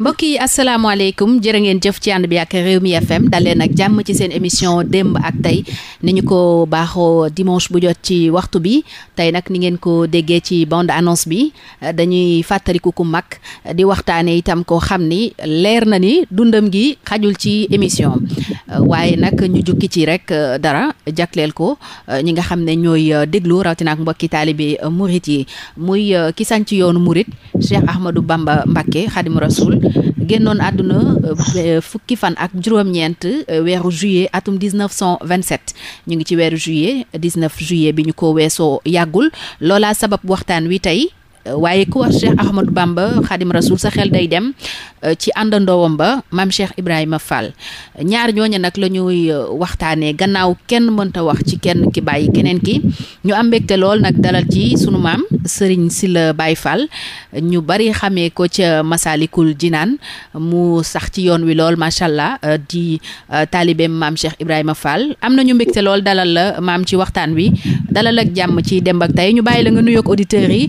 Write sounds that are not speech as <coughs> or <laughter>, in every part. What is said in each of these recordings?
mbokk yi asalaamaaleykum jërë ngeen jëf ci ànd bi ak Rewmi FM daleen nag jàmm ci seen émission démb ak tey ni ñu ko baaxoo dimanche bu jot ci waxtu bi tey nag ni ngeen ko déggee ci bond annonce bi dañuy fàttaliku ku mag di waxtaane itam koo xam ni leer na ni dundam gi xajul ci émission waaye nag ñu jukki ci rek dara jagleel ko ñi nga xam ne ñooy déglu rawatina ak mbokki taalibe murit yi muy ki sañ ci yoonu murit Cheikh Ahmadou Bamba Mbacké Xaadimu Rasuul génnoon àdduna euh, fukki fan ak juróom-ñeent euh, weeru juillet atum 1927 ñu ngi ci weeru juillet 19 juillet bi ñu ko weesoo yàggul loola sabab waxtaan wi tey waaye ku wax Cheikh Ahmadou Bamba Khadim Rasoul sa xel day dem euh, ci àndandoowam ba maam Cheikh Ibrahima Fall ñaar ñooñu nag la ñuy euh, waxtaanee gannaaw kenn mënta wax ci kenn ki bàyyi keneen ki ñu am mbégte lool nag dalal ci suñu maam si la Baye Fall ñu bari xamee ko ca Masalikul Jinaan mu sax ci yoon wi lool macha allah euh, di taalibeem maam Cheikh Ibrahima Fall am nañu mbégte lool dalal la maam ci waxtaan wi dalal ak jàmm ci dem ak Tay ñu bàyyi la yi.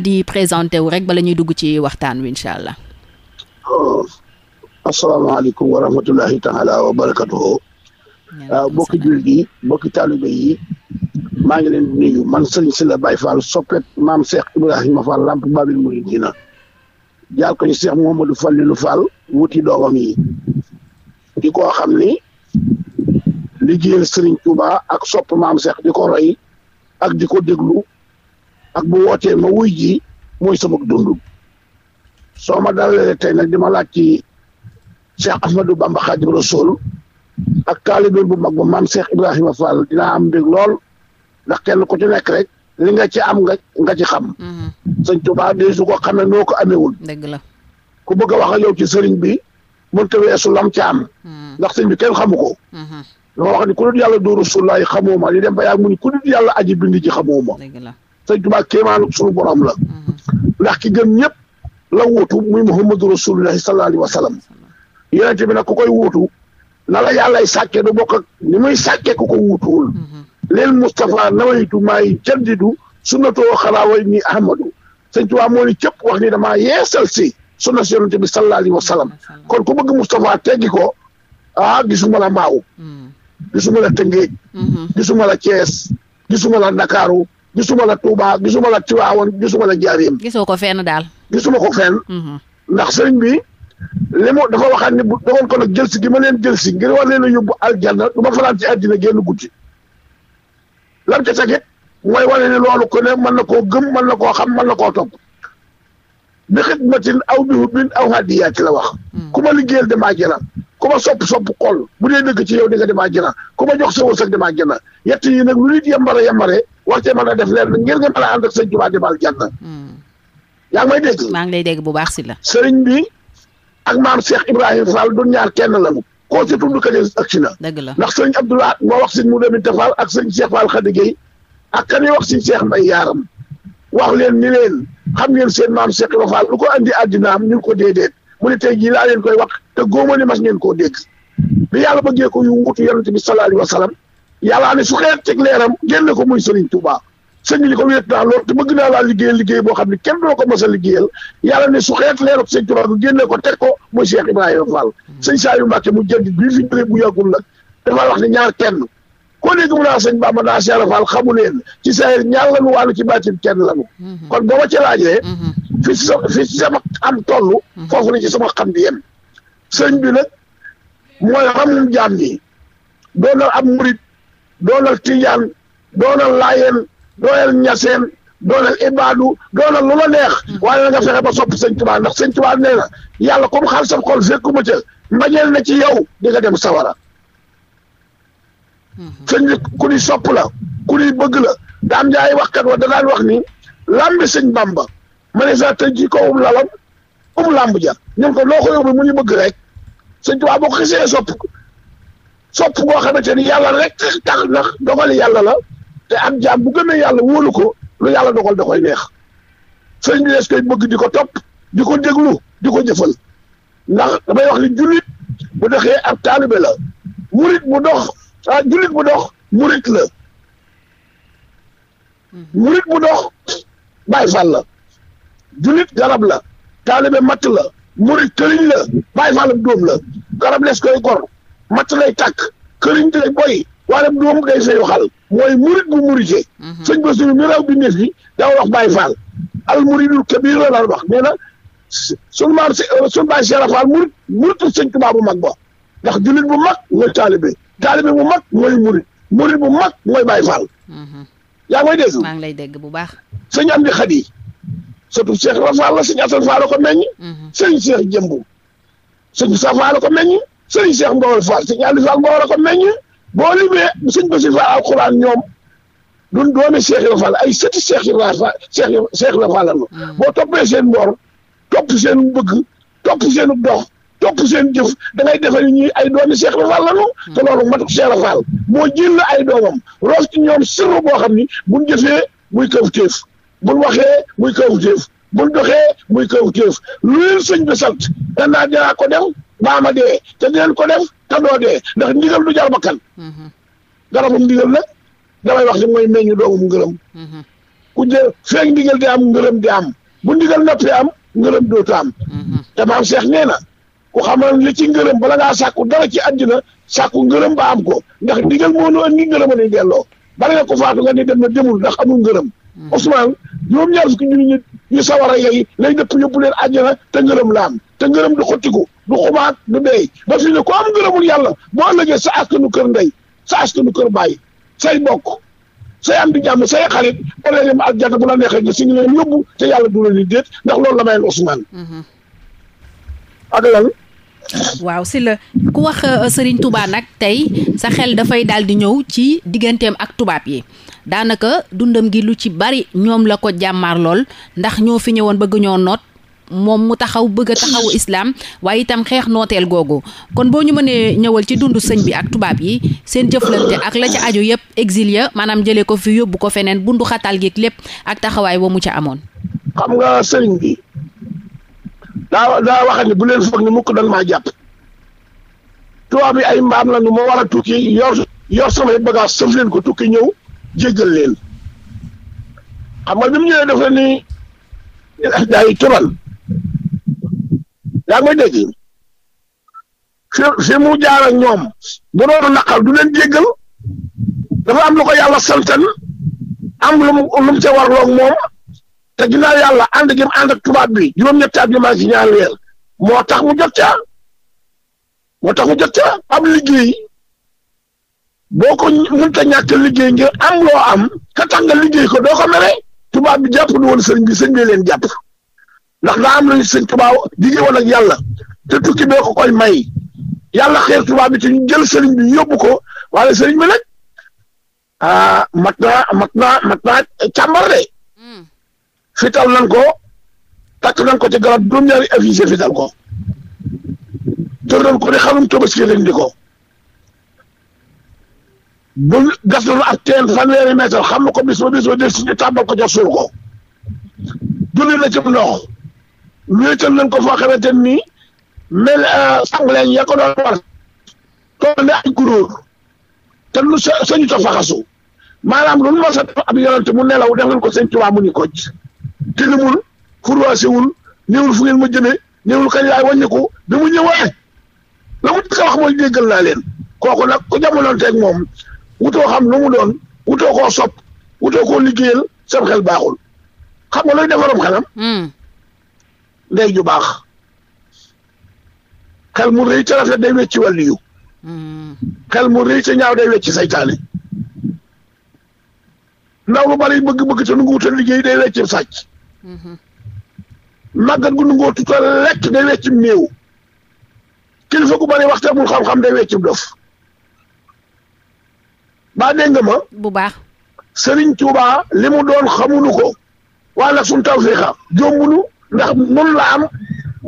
di présenté wu rek bala ñuy dugg ci waxtaan wi incha allah. Oh, asalaamaaleykum wa rahmatulahi taala wa barakatuhu waaw ah, bokki jullit yi bokki taalibe yi maa ngi leen di nuyu man sëriñ Sylla Baye Fall soppet maam Cheikh Ibrahima Fall lamp Babil Mouridina jaar ko ci Cheikh Mouhamadou Fallilu Fall wuti doomam yi di koo xam ni liggéeyal sëriñ Touba ak sopp maam Cheikh di ko roy ak di ko déglu ak bu wootee ma wuy ji mooy sama dund soo ma dalalee tey nag di ma laaj ci Cheikh Ahmadou Bamba Xaadimu Rasuul ak taalibe bu mag ba maam Cheikh Ibrahima Fall dinaa am mbég lool ndax kenn ko ci nekk rek li nga ci am nga nga ci xam. Mm-hmm. sëñ Tuubaa de su ko xamee noo ko amewul. dëgg la ku bëgg a wax ak yow ci sëriñ bi mënut a weesu lam ca am. Mm-hmm. ndax sëñ bi kenn xamu ko. Mm-hmm. dama wax ni ku dul yàlla dooru sulaay xamoo ma li dem ba yàgg mu ni ku dul yàlla aji bind ji xamoo ma. dëgg sëñ Tuubaa kéemaanu suñu borom la mm-hmm. ndax ki gën ñëpp la wuutu muy Muhammadu Rasulullahi sallallahu alayhi wa sallam yonent bi ku koy wuutu na la yàllay sàkke du bokk ak ni muy sàkke ku ko wuutuwul mm-hmm. leel Moustapha nawaytu maay jaddidu sunnatoo xalaaway ni Ahmadu sëñ Tuubaa moo ni cëpp wax ni damaa yeesal si sunna si yonent bi sallallahu alayhi wa sallam mm-hmm. kon ku bëgg Moustapha teggi ko ah gisuma la maaw gisuma la Tëngéej gisuma la Cees gisuma la Ndakaaru gisuma la Touba gisuma la Tiwaawan gisuma la Njaaréem. gisoo ko fenn daal. gisuma ko fenn. Mhm. ndax sëriñ bi li mu dafa waxaat ne bu dogoon ko nag jël si gi ma neen jël si ngir war leen a yóbbu aljanna du ma fanaan ci àddina génn guddi lam ca tegit mooy wane ne loolu ko ne mën na koo gëm man na koo xam man na koo topp bi xidmatin aw bi hubbin aw hadiya ci la wax. Hmm. ku ma liggéeyal damaa jëlaat. ku ma sopp sopp xool bu dee dëgg ci yow di nga damaa ku ma jox sa wërsëg damaa jëlaat yett yi nag lu nit yambare yambare war cee mën a def leen ngir nga mën ànd ak sëñ Tuubaa di baal janna hmm. yaa ngi may dégg. maa ngi lay dégg bu baax si la. sëriñ bi ak maam Cheikh Ibrahima Fall du ñaar kenn la mu koo ci tudd kañ ak si na dëgg la ndax sëñ Abdoulaye moo wax sëñ Moudou Aminta Fall ak sëñ Cheikh Fall Khady Gueye ak kan wax sëñ Cheikh Mbaye Yaaram wax leen ni leen xam ngeen seen maam Cheikh Ibrahima lu ko andi àddinaam ñu ko déedéet mu ne tey jii laa leen koy wax te góoma ni mas ngeen koo dégg bi yàlla bëggee ko yu wutu yonent bi sallallahu alayhi wa yàllaa ne su xeet teg leeram génne ko muy Serigne Touba sëñ li ko wéet naa lool te bëgg naa laa liggéeyal liggéey boo xam ne kenn doo ko mos a liggéeyal yàlla ne su xeet leerab sëñ ko génne ko teg ko muy Cheikh Ibrahima Fall sëñ Saliou Mbacké mu jënd bii fi jógee bu yàggul nag dafa wax ne ñaar kenn koo dégg mu naa sëñ Bamba naa Cheikh Ibra Fall xamu leen ci sayer ñaar lanu wàllu ci bàccin kenn lanu mhm. kon boo ma ci laajee mhm. fi si sama fi si sama am toll mhm. sama xam di yem bi nag mooy xam jaam ñi doon na am murit doonal tijaan doonal laayeen doonal ñaseen doonal ibaadu doonal lu la neex waaye na nga fexe ba sopp sëñ Tuubaa ndax sëñ Tuubaa nee na yàlla comme xal sa xol fekkuma ca mbañeel na ci yow di nga dem sawara mhm. sëñ bi ku ni sopp la ku ni bëgg la daam jaay waxkat wa da daan wax ni làmbi sëñ Bàmba ma ne sa tëj ci kawum lalam um làmb ja ñun ko loo ko mu ñu bëgg rek sëñ Tuubaa boo ko xisee sopp ko sopp goo xamante ni yàlla rek tax ndax dogal yàlla la te am jaam bu gëmee yàlla wóolu ko lu yàlla dogal da koy neex sëñ bi des koy bëgg di ko topp di ko déglu di ko jëfal ndax damay wax ni jullit bu doxee ab taalibe la murit bu dox ah jullit bu dox murit la murit bu dox Baay Faal la jullit garab la taalibe matt la murit këriñ la Baay Faal dóom la garab les koy gor matt lay tàkk këriñ lay boy waaye doom day sayu xal mooy murit bu murite mhm. sëñ Basiru mi raw bi ndeef bi daa wax Baay Faal al muridul kabir la daan wax nee na sunu maam euh, sunu baay Cheikh Faal murit muritul sëñ Tuubaa bu mag ba ndax jullit bu mag mooy taalibe taalibe bu mag mooy murit murit bu mag mooy Baay Faal mhm. yaa ngi may dégg maa lay dégg bu baax sëñ Amdi Xadi surtout Cheikh Rafaal la sëñ Asan Faal la ko meññ mhm. sëñ Cheikh Jëmbu sëñ Sa Faal la ko meññ sëriñ Cheikh mbool Fall sëriñ Aliou Fall Mbawal a ko meññ boo limee sëñ Bassir Fall alxuraan ñoom duñ doone Cheikh Ibra Fall ay sëti Cheikh Ibra Fall Cheikh Ibra Fall hmm. boo toppee seen mboor topp seen bëgg topp seen dox topp seen jëf da ngay defal ñi ay doomi Cheikh Ibra Fall lañu hmm. te loolu matu Cheikh Ibra Fall moo jël ay doomam roos ci ñoom sirru boo xam ni buñ jëfee muy kaw téef buñ waxee muy kaw téef buñ doxee muy kaw téef lu leen sëñ bi sant danaa ko def baa ma dee te dinañ ko def te doo dee ndax ndigal du jar bakkan mhm. garabum ndigal nag damay wax ci mooy meññu doomum ngërëm mhm. ku jël feeg ndigal di am ngërëm di am bu ndigal noppee am ngërëm dootu am mhm. te maam Cheikh nee na ku xamal li ci ngërëm bala ngaa sàkku dara ci àddina sàkku ngërëm ba am ko ndax ndigal moo nu andi ngërëm a ni delloo bari nga ko faatu nga ni dem na demul ndax amul ngërëm Ousmane juróom-ñaar fukki junni ñu sawara yey lay dëpp yóbbu leen àjjana te ngërëm la am te ngërëm du xottiku du xumaag du dee ba fi ko am ngërëmul yàlla boo ëllëgee sa askanu kër ndey sa askanu kër bàyyi say bokk say am di jàmm say xarit wala leen si ñu leen yóbbu te yàlla du leen di déet ndax loolu la mayal Ousmane. Mhm. ak lan. waaw si la ku wax euh, Serigne Touba nag tey sa xel dafay daal di ñëw ci digganteem ak tubaab yi daanaka dundam gi lu ci bari ñoom la ko jàmmaar lool ndax ñoo fi ñëwoon bëgg ñoo noot. moom mu taxaw bëgg a taxawu islaam waaye itam xeex nooteel googu kon boo ñu mënee ñëwal ci dundu sëñ bi ak tubaab yi seen jëflante ak la ca aju yëpp exil ya maanaam jëlee ko fi yóbbu ko feneen bundu xatal gi lépp ak taxawaay wa mu ca amoon. xam nga sëriñ bi daa daa wax ne bu leen foog ni mukk dan maa jàpp tubaab yi ay mbaam la nu ma war tukki yor samay bagage sëf leen ko tukki ñëw jéggal leen xam nga bi mu ñëwee def ni daay tëral. yaa ngi may dégg fi fi mu jaar ñoom bu doon naqar du leen jéggal dafa am lu ko yàlla santan am lu mu lu mu ca warloog moom te ginnaaw yàlla ànd gi mu ànd tubaab bi juróom-ñetti at yu mag ñaar ñaari weer moo tax mu jot ca moo tax mu jot ca liggéey boo ko mënta ñàkk liggéey ngir am loo am ka tax nga liggéey ko doo ko mere tubaab bi jàpp du woon sëñ bi sëñ bi leen jàpp. ndax daa am nañu sëñ Tuubaa jigéen woon ak yàlla te tukki bee ko koy may yàlla xeer Tuubaa bi te ñu jël sëriñ bi yóbbu ko waaye sëriñ bi nag ah mat naa mat naa mat naa càmbar de hmm. fital nan ko takk nan ko ci garab juróom-ñaari affiche fital ko tërnoon ko di xarum Tabaski ren di ko bu gas doon ab teen fanweeri mètre xam na ko bis ba bis ba def si ñu ko jox suul ko julli na ci ndox wéetal nañ ko foo xamante ni mel euh, sangleen ya ko doon war tool ne ay kuróor te lu sañu ta faxasu maanaam lu ma sa def ab yonante mu nelaw def nañ ko sëñ Tuubaa mu ni ko tilimul furwaasewul néewul fu ngeen ma jëmee néewul kañ laay wàññiku bi mu ñëwee la mu dëkk wax mooy déggal naa leen kooku nag ku jamononteeg moom wutoo xam lu mu doon wutoo ko sopp wutoo koo liggéeyal sab xel baaxul xam nga looy defaram xelam hmm. ndey ju baax xel mu rëy ca rafet day wecci wàlliyu xel mu rëy ca ñaaw day wecci saytaane ndaw lu bari bëgg-bëgg te nu wutal liggéey day wecci sàcc màggat gu nu ngoo tutal lekk day weccim néew kilifa gu bari waxte amul xam-xam day weccim dof baa dégg nga ma bu baax Sëriñ Tuubaa li mu doon xamunu ko wala sun tawfiixa jombunu ndax mun la am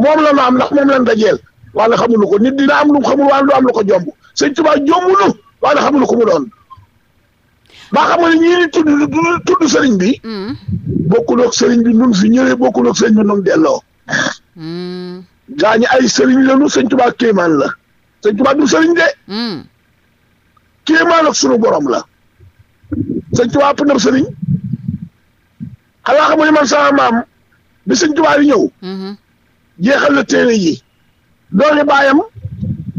moom la nu am ndax moom lan dajeel wala xamulu ko nit dina am lu xamul wala du ko jomb sëñ Tuubaa jombulu wala xamulu ko mu doon baa xam nga ne ñii ni tudd tudd sëriñ bi mm. bokkul ak sëriñ bi nun fi ñëwee bokkul ak bi nun delloo mm. gaañi ay sëriñ lañu sëñ Tuubaa kéemaan la sëñ Tuubaa du sëriñ de mm. kéemaan ak sunu borom la sëñ Tuubaa pëndam sëriñ xanaa xam nga ne man sama bi sëñ Tuubaa yi ñëw. Mm-hmm. jeexal na téere yi. doole baayam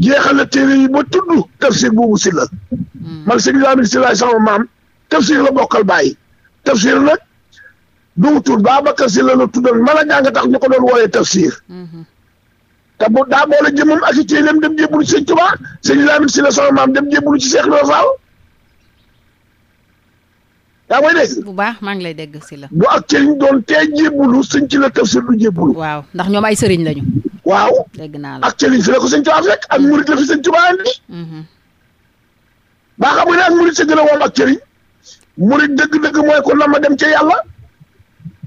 jeexal na téere yi ba tudd tafsir boobu si la. Mm-hmm. man sëñ Lamin si sama maam tafsir la bokkal baay tafsir nag dugutul Babacar si la la tuddoon mën a jàng tax ñu ko doon wooyee tafsir. Mm-hmm. te bu daa boole jëmmam ak i téereem dem jébbalu ci sëñ Tuubaa sëñ Lamin si la sama maam dem jébbalu ci Seex Ibra Faal. yaa ngi dégg. bu baax maa ngi lay dégg si la. bu ak ci ñu doon tee jébbalu sëñ ci la tafsir du jébbalu. waaw ndax ñoom ay sëriñ lañu. waaw dégg naa la ak ci liñ fi la ko sëñ fekk ak murit la fi sëñ Tuubaa mhm. ak murit sa gën a woon ak cëriñ murit dëgg-dëgg mooy ko nama dem ca yàlla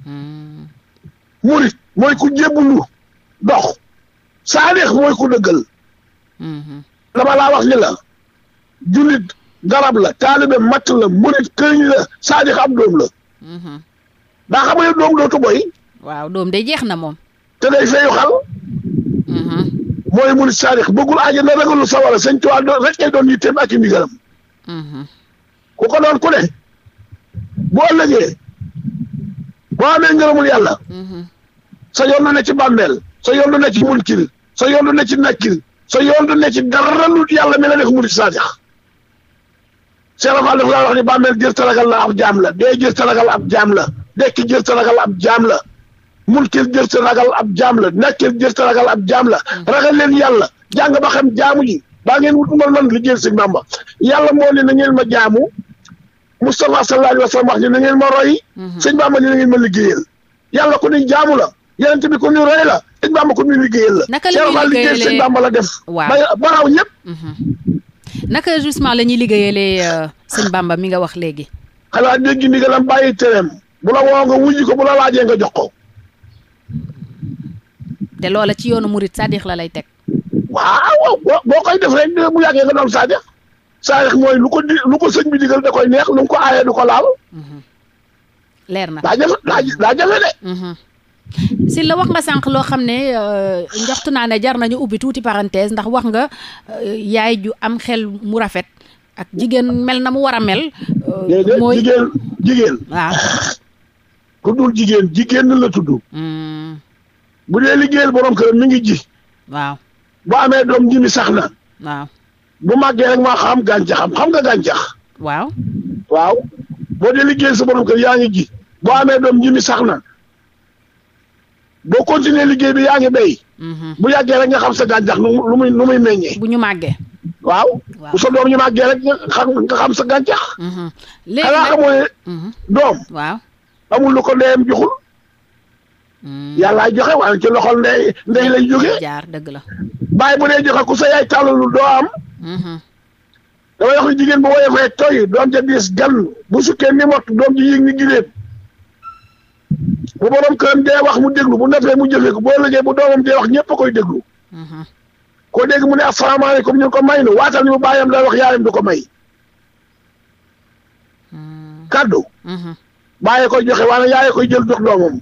mhm. murit mooy ku jébbulu dox saadix mooy ku dëggal mhm. dama laa wax ni la jullit garab la taalibe matt la murit këriñ la saadix ab doom la mhm. daa xam nga doom dootu boy waaw doom day jeex na moom te day feeyu xal mhm. mooy murit saadix bëggul aji na ragalul sawara sëñ tuwaa doon rek ay doon yitteem ak i ndigalam mhm. ku ko doon ku ne bu ëllëgee boo amee ngërëmul yàlla sa yoon du ne ci bàmmeel sa yoon ne ci munkir sa yoon du ne ci nakkir sa yoon du ne ci dara lu yàlla mi la def murit saadix Cheikh Fall dafa wax ni bàmmeel jër talagal la ab jaam la dee jër talagal ab jaam la dekki jër talagal ab jaam la munkil jër talagal ab jaam la nekkil jër ragal ab jaam la ragal leen yàlla jàng ba xam jaamu ji baa ngeen wut umal man liggéeyal si Bàmba yàlla moo ne na ngeen ma jaamu Moustapha sallallahu alayhi wa sallam wax ni na ngeen ma roy mhm. sëñ Bàmba ni na ngeen ma liggéeyal yalla ku ni jaamu la yeneen bi ku ni roy la sëñ Bàmba ku ni liggéeyal la Cheikh Fall liggéeyal sëñ Bàmba la def ba raw naka justement la ñuy liggéeyalee euh, sëñ Bamba mi nga wax léegi. xanaa dégg ndigalam bàyyi tereem bu la woo nga wujj ko bu la laajee nga jox ko. te loola ci yoonu murit saadix la lay teg. waaw boo koy def rek mu yàggee nga doon saadix saadix mooy lu ko di lu ko sëñ bi digal da koy neex lu mu ko aayee du ko laal. Mhm. leer na daa jafe daa jafe de. Mhm. si la wax nga sànq loo xam ne euh, njoxtu naa ne jar nañu ubbi tuuti parenthèse ndax wax nga euh, yaay ju am xel mu rafet ak jigéen mel na mu war a mel. Euh, mooy jigéen jigéen. waaw. ku jigéen jigéen la tudd. Hmm. bu dee liggéeyal boroom kër mi ngi ji. waaw boo amee doom ji sax na. waaw bu màggee rek maa xam gàncaxam xam nga gàncax. waaw. waaw boo dee liggéey sa borom kër yaa ngi ji. boo amee doom ji sax na. boo continuer liggéey bi yaa ngi béy. Mhm. bu yàggee rek nga xam sa gàncax lu muy lu muy meññee. bu ñu màggee. waaw bu sa doom ñu màggee rek nga xam sa gàncax. Mhm. léegi nag xanaa xamoo ne mhm. doom. waaw amul lu ko ndeyam joxul. yàllaay joxe waaye ci loxol ndey ndey lay jógee. jaar dëgg la. bàyyi bu dee joxe ku sa yaay lu doo am. dama wax ni jigéen bu woyofee toy doom ja diis gan bu sukkee ni mot doom ji ni gileem. bu borom këram dee wax mu déglu bu nafee mu jëfee ko boo liggéey bu doomam dee wax ñëpp a koy déglu. Mhm. koo dégg mu ne asalaamaaleykum ñu ko may nu waatal ñu mu bàyyam day wax du ko may. Mhm. kaddu. Mhm. bàyyi koy joxe wala yaay koy jël jox doomam.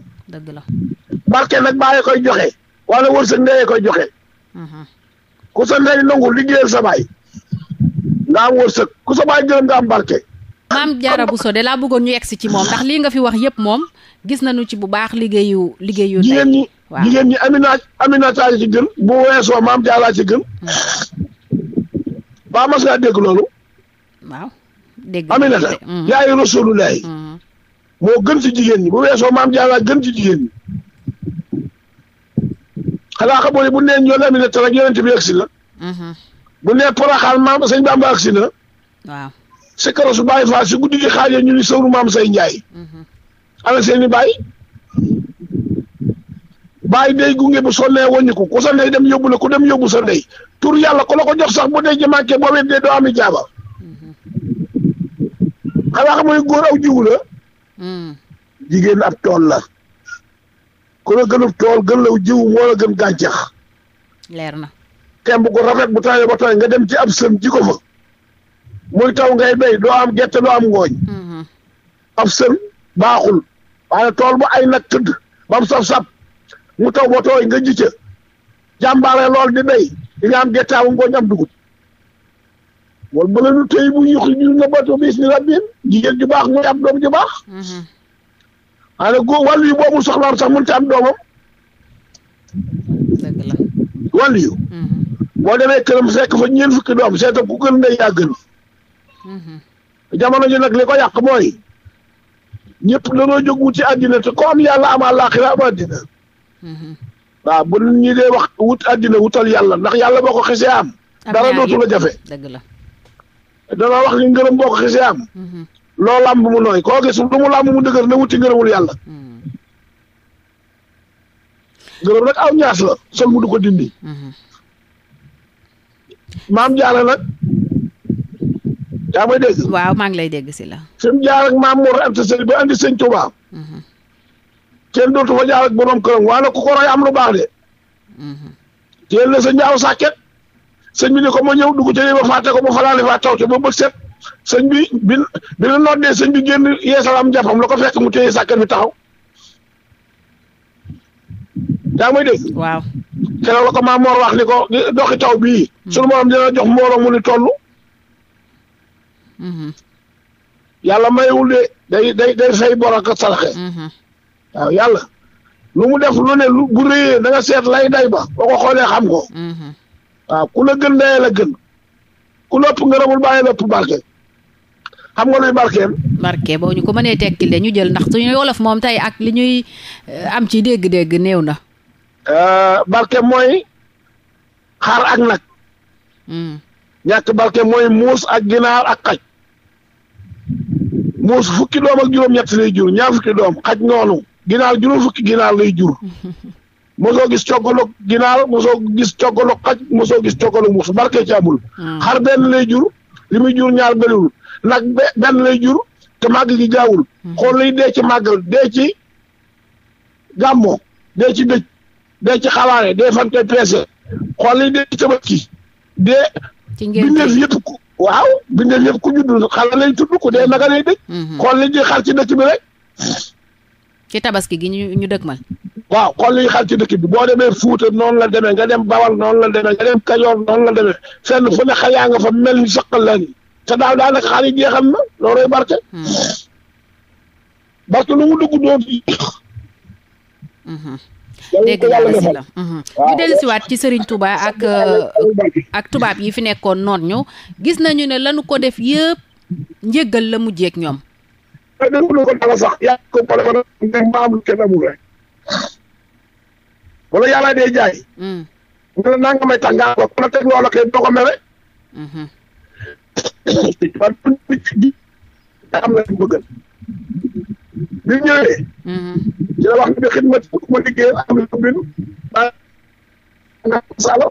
koy joxe wala wërsëg ndeyee koy joxe. ku sa ndey nangu liggéeyal sa baay nga am wërsëg ku sa baay gërëm nga am barke. maam Diarra Bousso de laa bëggoon ñu yegsi ci moom ndax lii nga fi wax yépp moom gis nañu ci bu baax liggéeyu liggéeyu jigéen ñi waaw jigéen ñi Amina Aminata ci gën bu weesoo maam Diarra ci mm. mm. gën ci jigéen ñi bu weesoo ci jigéen ñi xanaa xamoo ne bu neen yoon Aminata rek yonent bi agsi na mm-hmm. bu nee Porokhane maam sëñ Bamba agsi na waaw sa karosu bàyyi faa si guddi gi xaajee ñu ni sëwru maam say njaay ana seeni bàyyi bàyyi day gunge bu sonnee wàññi ko ku sa ndey dem yóbbu la ku dem yóbbu sa ndey tur yàlla ku la ko jox sax bu dee jëmàkkee boo wet dee doo ami jaaba xanaa xam nga góor aw jiwu la jigéen ab tool la ko la gënub tool gën law jiw moo la gën gàncax leer na ko rafet bu tawee ba tawee nga dem ci ab sëm ji fa muy taw ngay béy doo am gerte doo am ngooñ. Mm-hmm. ab sën baaxul waaye tool ba ay nag tëdd ba mu saf-saf mu taw ba tooy nga ji ca lool di béy di nga am gerte am ngooñ am dugub wala bële nu tey bu ñu ñu nga bato bis ni rabbin jigéen ju baax muy am doom ju baax. Mm-hmm. waaye nag góor wàllu yu boobu soxlaam sax mun a am doomam. dëgg la yu. Mm-hmm. boo demee këram fekk fa ñeent fukki doom seeta ku gën ndey yaa gën. jamono ji nag li ko yàq mooy ñëpp dañoo jóg wut ci àddina te ko am yàlla am àllaaxira am àddina waaw bu ñu dee wax wut àddina wutal yàlla ndax yàlla boo ko xisee am dara dootu la jafe dëgg la dana wax ni ngërëm boo ko xisee am mhm. loo làmb mu nooy koo gis lu mu làmb mu dëgër na wuti ngërëmul yàlla mhm. ngërëm nag aw ñaas la sol mu du dindi mhm. maam jaara nag yaa may dégg. waaw maa ngi lay dégg si la. fi mu jaar ak maam Mor Anta Sali ba andi sëñ Touba. Mhm. kenn dootu fa jaar ak borom këram waaye nag ku ko roy am lu baax de. teel mhm. na sa njaaw sàkket sëñ bi ni ko ma ñëw dugg ca ba fàtte ko ba falaale faa taw te ba bët set sëñ bi bi bi la noddee sëñ bi génn yeesalaam jàppam la ko fekk mu téye sàkket bi taxaw. yaa may dégg. waaw keroog la ko maam Mor ni ko doxi taw bi mhm. sunu borom dina jox mbooloo mu ni toll. Mm-hmm. yàlla mayewul de day day day fay bor mm-hmm. waaw yàlla lu mu def lu ne lu bu réyee da seet lay day ba boo ko xoolee xam ko mm-hmm. waaw ku la gën dayee la gën ku lëpp ngërëmul bàyyi lëpp barke xam nga luy barkeel barke boo ñu ko mënee tekkil de ñu jël ndax suñu wolof moom tey ak li ñuy eh, am ci dégg-dégg néew na euh, barke mooy xaar ak nag mm. ñàkk barke mooy muus ak ginaar ak xaj muus fukki doom ak juróom-ñett lay jur ñaar fukki doom xaj noonu ginaar juróom fukki ginaar lay jur <laughs> mosoo gis cokkaloog ginaar mosoo gis cokkaloog xaj mosoo gis cokkaloog muus barke ci amul. Ah. xar benn lay jur li jur ñaar bëriwul nag benn lay jur te màgg gi gaawul. Hmm. xool lay dee ci màggal dee ci gàmmo dee ci dëj dee ci xawaare dee fan koy peese xool lay dee ci ki dee. ci ngeen waaw bindee yëpp ku judd xale lay tudd ku dee naka lay dëj mhm. xool li ñuy xar ci dëkk bi rek. ci tabaski gi ñu ñu dëkkmal. waaw xool li ñuy xar ci dëkk bi boo demee Fuuta noonu la demee nga dem Bawal noonu la demee nga dem Kajoor noonu la demee fenn fu ne xayaa nga fa mel ni saqal la ni te daaw daanaka xar yi jeexal na loolooy barke. barke mhm. lu mu dugg doon. dégg naa la mhm. dellusiwaat ci Serigne tubaa euh, ak tubaab yi fi nekkoon noon ñu gis nañu ne lanu ko def yëpp njëggal la mujjeeg ñoom déglu ko dara sax yaa ko pare ma nga naa nga kon a teg loola kay doo ko mere waa mhm. du nit bi mu ñëwee. Mm-hmm. ci la wax ne xidmat fu ma liggéeyal am na bindu daa nga salo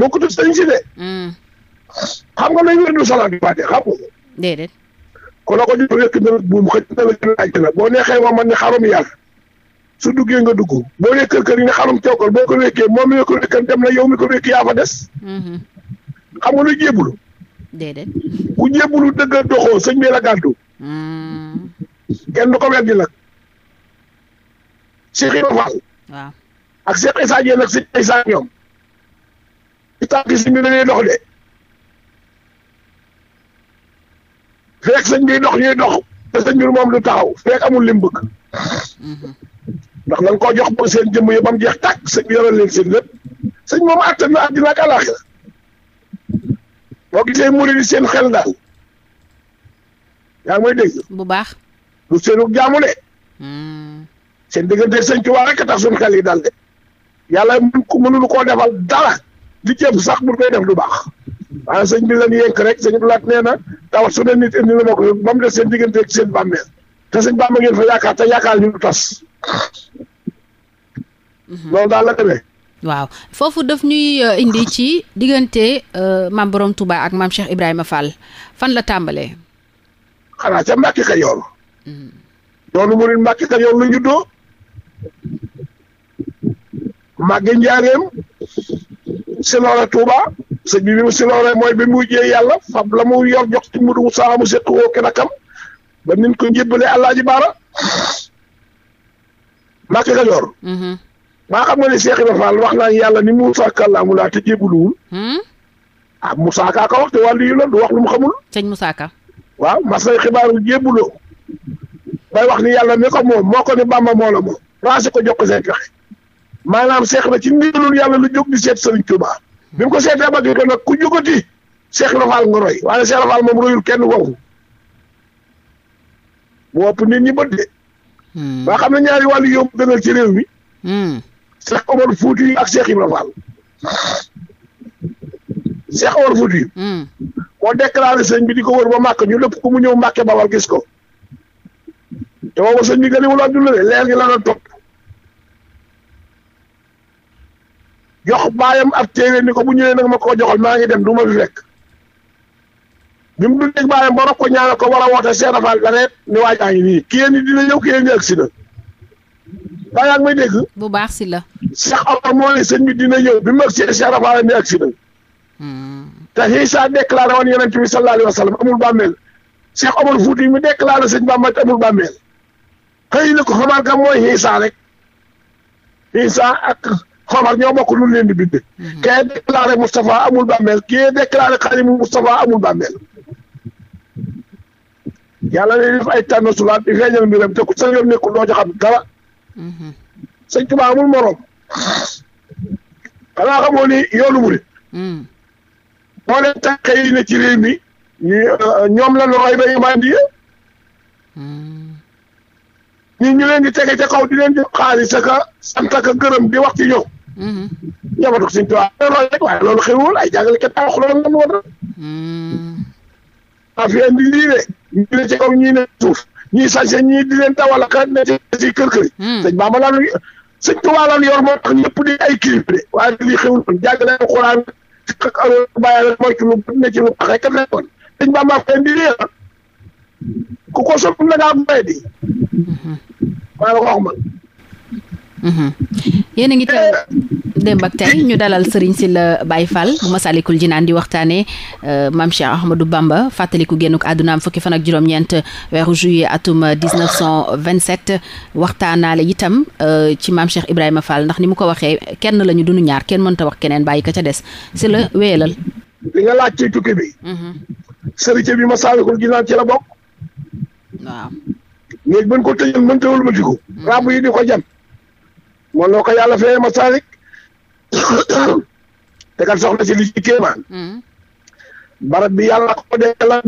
bokkut ak sëñ si de. Mm-hmm. xam nga luy wérdu salaat bi baaxee xam nga. déedéet. kon la ko ñu wékk na buum xëj na boo neexee ma man ne xarum yàlla su duggee nga dugg boo nee kër kër yi ne xarum cookal boo ko wékkee moom mi nga ko wékkan dem na yow mi ko wékk yaa fa des. Mm-hmm. xam nga luy jébbalu. déedéet ku jébbalu dëgg doxoo sëñ bi la gàddu. kenn du ko weddi nag Cheikh Ibrahima Fall. waaw ak Cheikh Issa Dieng nag si Issa ñoom. ci tànk si ñu dañuy dox de feek sëñ bi dox ñuy dox te sëñ bi moom du taxaw feek amul lim bëgg mhm. ndax dañ koo jox ba seen jëmm yi ba mu jeex tàkk sëñ bi yoral leen seen lépp sëñ moom àttan na àddina ak àllaaxira boo gisee murid yi seen xel daal yaa ngi may dégg bu baax du seenug jaamu de hmm. seen diggante sëñ Tuubaa rek a tax suñu xel yi dal de yàlla mun ko mënul koo defal dara li jëm sax bu koy def du baax waaye sëñ bi leen yënk rek sëñ bi nee na tawat su ne nit indi la ma ko ba mu des seen diggante ak seen bàmmeel te sëñ bàmba ngeen fa yaakaar te yaakaar ñu du tas mhm. loolu daal la demee waaw foofu def ñuy euh, indi ci diggante euh, maam Borom Touba ak maam Cheikh Ibrahima Fall fan la tàmbalee xanaa ca Mbàkke Kajoor yoonu murid Mbàkke Kajoor la juddoo màgge njaareem siloore Tuuba sëñ bi bi mu siloore mooy bi mu jee yàlla fab la mu yor jox ci mudu Musaa mu séq woo ki nakam ba nin ko jébbale Alaaji Baara Mbàkke Kajoor maa mhm. xam nga ne Seex Ibra Faal wax naa yàlla ni Musaa kàllaamu laa te jébbuluwul hmm? ah Musaa Ka ko wax te wàllu yu la du wax lu mu xamul sëñ Musaa Ka waaw mas xibaaru jébbuloo bay wax ni yàlla mi ko moom moo ko ni bàmba moo la moom raasi ko jox ko say pexe maanaam seex na ci ndigalul yàlla lu jóg di seet Sëriñ Tuubaa bi mu ko seetee ba gis ko ku jógati seex rafaal nga roy waaye kenn waxu mu ëpp hmm. xam ne ñaari wàllu yóbbu gënal ci réew mi hmm. seex Fuuti ak seex Ibra Faal seex Omar Fuuti moo hmm. déclaré sëñ bi di ko wër ba màkk ñu lépp ku mu ñëw Mbàkke Bawal gis ko te boobu sëñ bi gëniwul àdduna de leer gi la doon topp jox baayam ab téere ni ko bu ñëwee nag ma koo joxal maa ngi dem du ma fi fekk bi mu dundee baayam ba ko ñaanal ko war a woote Cheikh Rafal la ne ni waa ngi nii kii yéen dina ñëw kii yéen di agsi na daa yaa may dégg. bu baax si la. Cheikh Omar moo ne sëñ bi dina ñëw bi mu agsi Cheikh Rafal ni agsi na. Hmm. te Issa déclaré woon yonent bi sallallahu alayhi wa sallam amul bàmmeel Cheikh sëñ Bamba amul bàmmeel. xëy ne ko xabaar ga mooy xiisa rek xiisa ak xabaar ñoo bokk lu leen di bindee. Mm-hmm. kee déclaré Moustapha amul bàmmeel kee déclaré Xadimu Moustapha amul bàmmeel yàlla lay def ay tànn sulaat di feeñal mbiram te ku sa yoon nekkul doo joxam dara. Mm-hmm. sëñ Tuubaa amul morom xanaa xamoo ni yoonu murit. moo mm. leen tànkee ne ci mi ñoom la ñu roy ba ñu ñi ñu leen di tege ca di leen di xaalis aka sant aka gërëm wax ci ñoom mm-hmm. njabootu suñ tubaab loolu rek waaye loolu xewul ay jàngalekat wax loolu nga woon mm-hmm. a fi indi lii de ñii ne ci kaw ñii ne di leen tawal aka ne ci kër kër mm-hmm. sëñ Bamba laanu sëñ tubaab laanu yor moo tax ñëpp di ay kilifa de waaye lii xewul woon jàngale alxuraan ak bàyyi rek mooy ci lu ne ci lu baax Bamba fi indi lii ku ko sopp na ngaa bay di maa la wax man. Mhm. yéen a ngi teew démb ak tey ñu dalal si la bàyyi Fall bu Massalikul Jinaan di waxtaanee euh, maam Cheikh Ahmadou Bamba fàttaliku génnuk àddunaam fukki fan ak juróom-ñeent weeru juillet atum 1927 euh, waxtaanaale itam euh, ci maam Cheikh Ibrahima Fall ndax ni mu ko waxee kenn la ñu dunu ñaar kenn mënta wax keneen bàyyi ka ca des si la wéyalal. li nga laaj ci tukki bi. Mhm. Serigne bi Massalikul Jinaan ci la bokk. néeg bën ko tëjoon mën tawul ma ko mm. yi di ko jam yàlla fee ma saalik <coughs> mm. bi yàlla ko deelal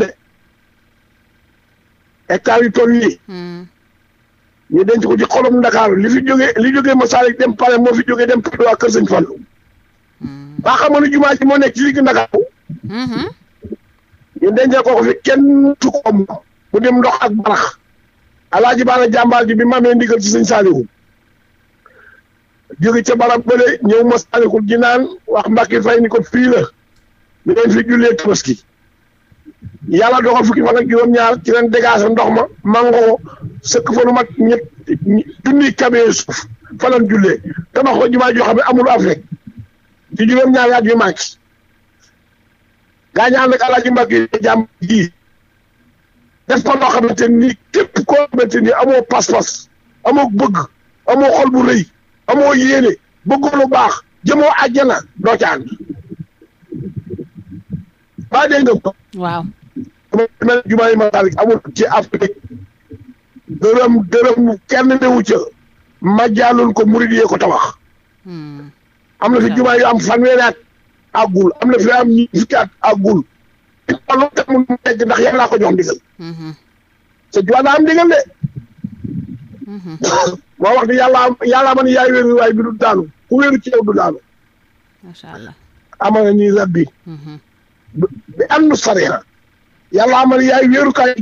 yu toll nii mm. ñu denc ko ci xolom Ndakaaru li fi jóge li jóge Masaalik dem pare moo fi jóge dem Padoa Kër Sëñ Fallu baa xamoon ne jumaa ji moo nekk ci ligg Ndakaaru mm-hmm. ñu denc ko ko fi kenn tu mu dem ndox ak barax alaaji baara jàmbaar ji bi ma amee ndigal ci sëñ Saalihu jóge ca barab bële ñëw ma Masaalikul Jinaan wax Mbàkke Fay ni ko fii la ñu leen fi jullee tabaski yàlla fukki fan ak juróom ma mangoo sëkk xam amul af rek ñaar yaat yu màcc gaa alaaji Mbàkke jàmbaar ji def ko loo xamante ni képp koo xamante ni amoo pas-pas amoo bëgg amoo xol bu rëy amoo yéene bëggoo lu baax jëmoo àjjana doo ca ànd baa dégg nga ko waaw mel jumaa yi Masaalik amul ci Afrique dërëm dërëm newu ca ko murid ko tabax hmm. am na fi jumaa yu am fanweeri at àggul am na fi am ñi fukki at àggul i wàllu ndax yàllaa ko jox sa juwa daa am moo mhm. <coughs> wax ne yàllaa yàllaa man yaay wéeru waaye bi du daanu ku wéeru ci yow du daanu macha allah amana ni rabbi mhm. bi am